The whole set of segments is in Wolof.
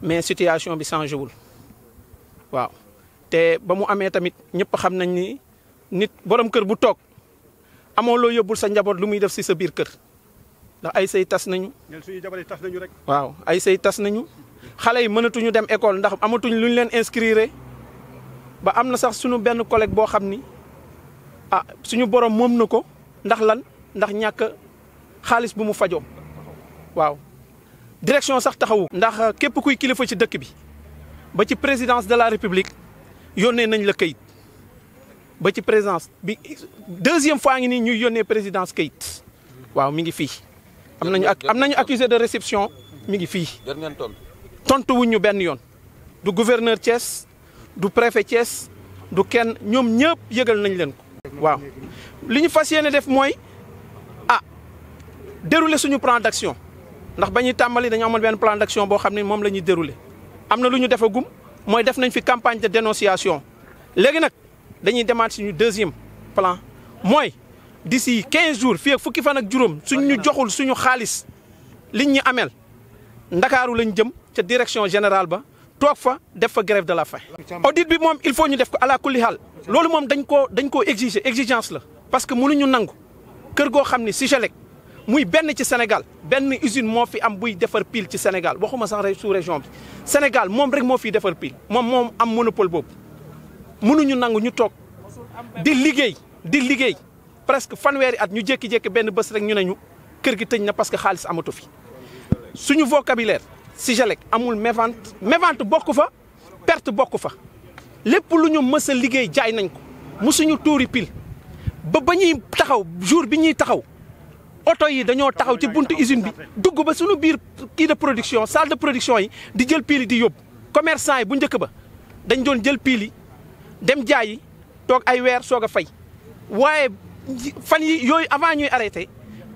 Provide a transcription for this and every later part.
mais situation bi changé wul waaw te ba mu amé tamit ñepp xam nañ ni nit borom kër bu tok amo lo yobul sa njabot lu muy def ci sa biir kër ndax ay sey tass nañu. suñu jabaré tass nañu rek. waaw ay sey tass nañu xalé yi mënatuñu dem école ndax amatuñ luñu leen inscrire ba am sax suñu benn collègue bo xamni ni ah suñu borom mom nako ndax lan ndax ñàkk xaalis bu mu fajo waaw. direction sax taxawu. ndax képp kuy kilifa ci dëkk bi ba ci présidence de la république yónnee nañ la kayit ba ci présidence bi deuxième fois ngi ni ñuy yónnee présidence kayit waaw mi ngi fii. de réception mi ngi fii. du gouverneur Thiès du préfet Thiès du kenn ñoom ñëpp yëgal nañ leen ko. waaw li ñu ah, plan d'action ndax ba tambali dañu amoon ben plan d'action bo xamni mom moom la amna luñu am na moy def nañ fi campagne de dénonciation légui nak dañuy demaat suñu deuxième plan moy d'ici 15 jours fi ak fukki fan ak juróom suñ joxul suñu xaliss liñ ñi amel dakaru lañ jëm ci direction générale ba tok fa def fa grève de la faim. audit bi mom il faut ñu def ko ala kulli hal lolu mom dañ ko dañ ko exiger exigence la parce que mënu ñu nangu kër goo xam ni si muy benn ci Sénégal benn usine moo fi am buy defar pile ci Sénégal waxuma sax rek sous région bi Sénégal moom rek moo fi defar pile moom moom am monopole boobu mënuñu nangu ñu toog di liggéey di liggéey presque fanweeri at ñu jékki-jékki benn bés rek ñu ne ñu kër gi tëj na parce que xaalis amatu fi suñu vocabulaire jalek, amul mévente mévente bokk fa perte bokk fa lépp lu ñu mës a liggéey jaay nañ ko musuñu tuuri pile ba ba ñuy taxaw jour bi ñuy taxaw oto yi dañoo taxaw ci bunt usine bi dugg ba suñu biir kii de production salle de production yi di jël piili di yóbbu commerçant yi bu njëkk ba dañ doon jël piili dem jaayi toog ay weer soog a fay waaye fan yi yooyu avant ñuy arrêté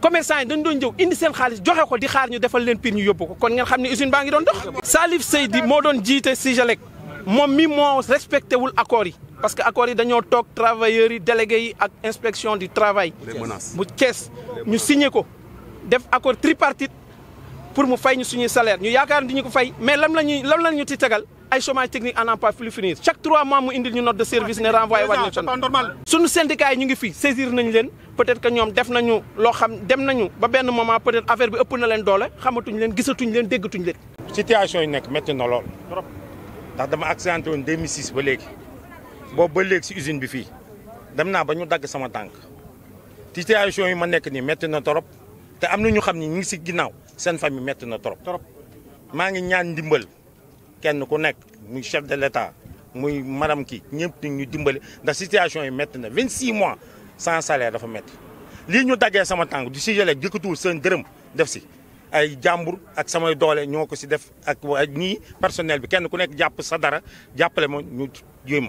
commerçant yi dañ doon jëw indi seen xaalis joxe ko di xaar ñu defal leen piir ñu yóbbu ko kon ngeen xam ne usine baa ngi doon dox Salif Seydi moo doon jiite Sigelec moom mi moo respecté wul accord yi parce que accord yi dañoo toog travailleurs délégués ak inspection du travail mu Thiès ñu signé ko def accord tripartite pour mu fay ñu suñu salaire ñu yaakaar di ñu ko fay mais lam lañu lam lañu ti ci ay chômage technique en n'en pas plus finir chaque 3 mois mu indil ñu note de service ne renvoyé waat ñu suñu syndicat ñu ngi fi saisir nañ leen peut-être que ñom def nañu lo xam dem nañu ba ben moment peut-être affaire bi ëpp na leen doole xamatuñ leen gisatuñ leen déggatuñ leen situation yi nek metti na lool ndax dama accidenté woon 2006 ba légui boobu ba léegi si usine bi fii dem naa ba ñu dagg sama tànk ci yi ma nekk nii métti na trop te am na ñu xam ni ñu ngi si ginnaaw seen famille métti na trop. trop maa ngi ñaan ndimbal kenn ku nekk muy chef de l'État muy madame kii ñëpp ñu dimbale ndax situation yi métti na 26 mois sans salaire dafa metti lii ñu daggee sama tànk du si yële jëkkatuwul seen dërëm def si ay jàmbur ak samay doole ñoo ko si def ak nii personnel bi kenn ku nekk jàpp sa dara jàppale ma ñu jéem